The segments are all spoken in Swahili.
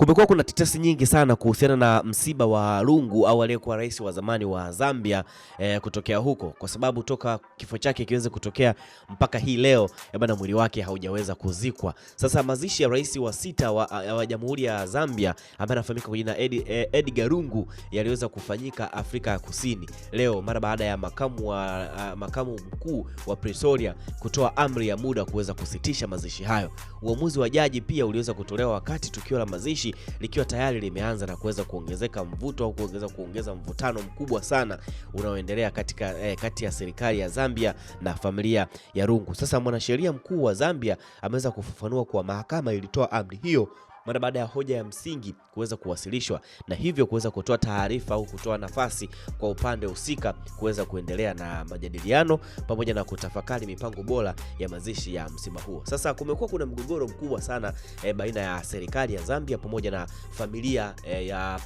Kumekuwa kuna tetesi nyingi sana kuhusiana na msiba wa Lungu au aliyekuwa rais wa zamani wa Zambia e, kutokea huko kwa sababu toka kifo chake kiweze kutokea mpaka hii leo eh, bana, mwili wake haujaweza kuzikwa. Sasa mazishi ya rais wa sita wa, eh, wa Jamhuri ya Zambia ambaye anafahamika kwa jina Ed, Edgar Lungu yaliweza kufanyika Afrika ya Kusini leo mara baada ya makamu, wa, makamu mkuu wa Pretoria kutoa amri ya muda kuweza kusitisha mazishi hayo. Uamuzi wa jaji pia uliweza kutolewa wakati tukio la mazishi nchi likiwa tayari limeanza na kuweza kuongezeka mvuto au kuongeza kuongeza mvutano mkubwa sana unaoendelea katika eh, kati ya serikali ya Zambia na familia ya rungu Sasa mwanasheria mkuu wa Zambia ameweza kufafanua kuwa mahakama ilitoa amri hiyo mara baada ya hoja ya msingi kuweza kuwasilishwa na hivyo kuweza kutoa taarifa au kutoa nafasi kwa upande husika kuweza kuendelea na majadiliano pamoja na kutafakari mipango bora ya mazishi ya msiba huo. Sasa kumekuwa kuna mgogoro mkubwa sana e, baina ya serikali ya Zambia pamoja na familia e, ya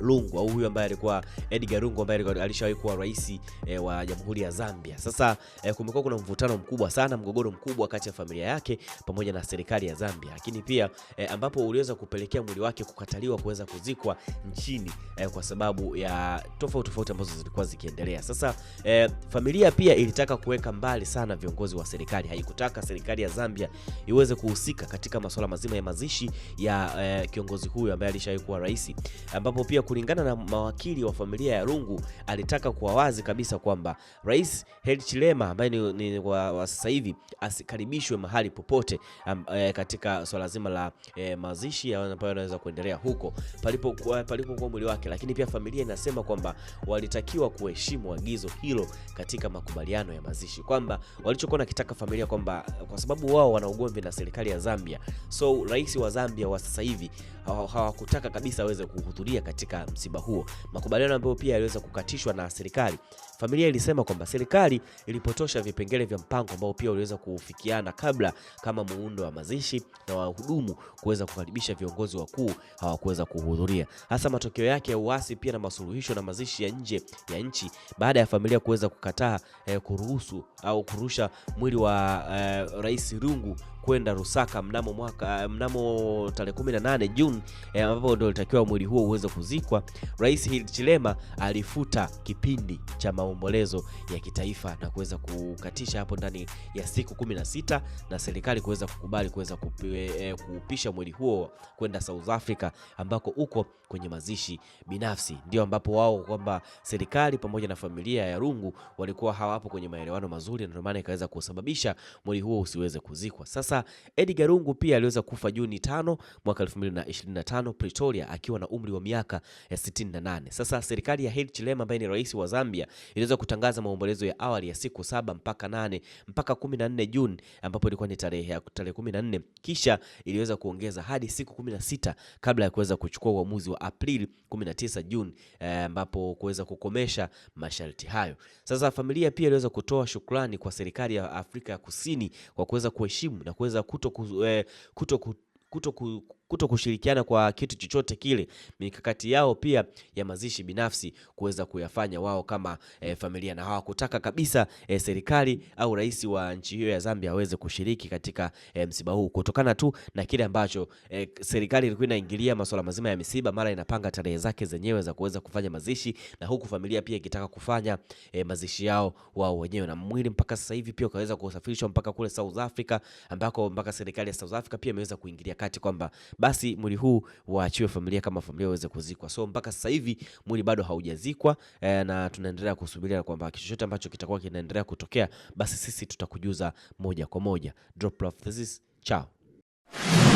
Lungu au huyu ambaye alikuwa Edgar Lungu ambaye alishawahi kuwa rais e, wa Jamhuri ya Zambia. Sasa e, kumekuwa kuna mvutano mkubwa sana, mgogoro mkubwa kati ya familia yake pamoja na serikali ya Zambia, lakini pia e, ambapo uliweza kupelekea mwili wake kukataliwa kuweza kuzikwa nchini e, kwa sababu ya tofauti tofauti ambazo zilikuwa zikiendelea. Sasa e, familia pia ilitaka kuweka mbali sana viongozi wa serikali, haikutaka serikali ya Zambia iweze kuhusika katika masuala mazima ya mazishi ya e, kiongozi huyu ambaye alishawahi kuwa rais ambapo pia kulingana na mawakili wa familia ya Lungu, alitaka kuwa wazi kabisa kwamba Rais Heri Chilema ambaye ni, ni wa sasa hivi asikaribishwe mahali popote um, e, katika swala so zima la e, mazishi ambayo anaweza kuendelea huko palipokuwa palipo mwili wake, lakini pia familia inasema kwamba walitakiwa kuheshimu agizo hilo katika makubaliano ya mazishi, kwamba walichokuwa nakitaka familia kwamba kwa sababu wao wana ugomvi na serikali ya Zambia, so rais wa Zambia wa sasa hivi hawakutaka kabisa aweze kuhudhuria katika msiba huo, makubaliano ambayo pia yaliweza kukatishwa na serikali. Familia ilisema kwamba serikali ilipotosha vipengele vya mpango ambao pia uliweza kufikiana kabla, kama muundo wa mazishi na wahudumu kuweza kukaribisha viongozi wakuu hawakuweza kuhudhuria, hasa matokeo yake ya uasi pia na masuluhisho na mazishi ya nje ya nchi, baada ya familia kuweza kukataa eh, kuruhusu au kurusha mwili wa eh, Rais Lungu kwenda Rusaka mnamo mwaka mnamo tarehe 18 Juni eh, ambapo ndio litakiwa mwili huo uweze kuzikwa, Rais Hichilema alifuta kipindi cha maombolezo ya kitaifa na kuweza kukatisha hapo ndani ya siku 16 na serikali kuweza kukubali kuweza eh, kuupisha mwili huo kwenda South Africa ambako uko kwenye mazishi binafsi, ndio ambapo wao kwamba serikali pamoja na familia ya Rungu walikuwa hawapo kwenye maelewano mazuri, na ndio maana ikaweza kusababisha mwili huo usiweze kuzikwa. Sasa sasa Edgar Lungu pia aliweza kufa Juni 5 mwaka 2025 Pretoria akiwa na umri wa miaka ya 68. Sasa serikali ya Hedu Chilema ambaye ni rais wa Zambia iliweza kutangaza maombolezo ya awali ya siku saba mpaka nane mpaka 14 Juni ambapo ilikuwa ni tarehe ya tarehe 14, kisha iliweza kuongeza hadi siku 16 kabla ya kuweza kuchukua uamuzi wa Aprili 19 Juni eh, ambapo kuweza kukomesha masharti hayo. Sasa familia pia iliweza kutoa shukrani kwa serikali ya Afrika ya Kusini kwa kuweza kuheshimu na kuweza kuto, ku, eh, kuto, ku, kuto ku, kuto kushirikiana kwa kitu chochote kile, mikakati yao pia ya mazishi binafsi kuweza kuyafanya wao kama e, familia, na hawakutaka kabisa e, serikali au rais wa nchi hiyo ya Zambia aweze kushiriki katika e, msiba huu kutokana tu na kile ambacho e, serikali ilikuwa inaingilia masuala mazima ya misiba, mara inapanga tarehe zake zenyewe za kuweza kufanya mazishi, na huku familia pia ikitaka kufanya e, mazishi yao wao wenyewe, na mwili mpaka sasa hivi pia ukaweza kusafirishwa mpaka kule South Africa ambako mpaka serikali ya South Africa pia imeweza kuingilia kati kwamba basi mwili huu waachiwe familia kama familia waweze kuzikwa. So mpaka sasa hivi mwili bado haujazikwa eh, na tunaendelea kusubiria kwamba chochote ambacho kitakuwa kinaendelea kutokea, basi sisi tutakujuza moja kwa moja. Drop love, this is,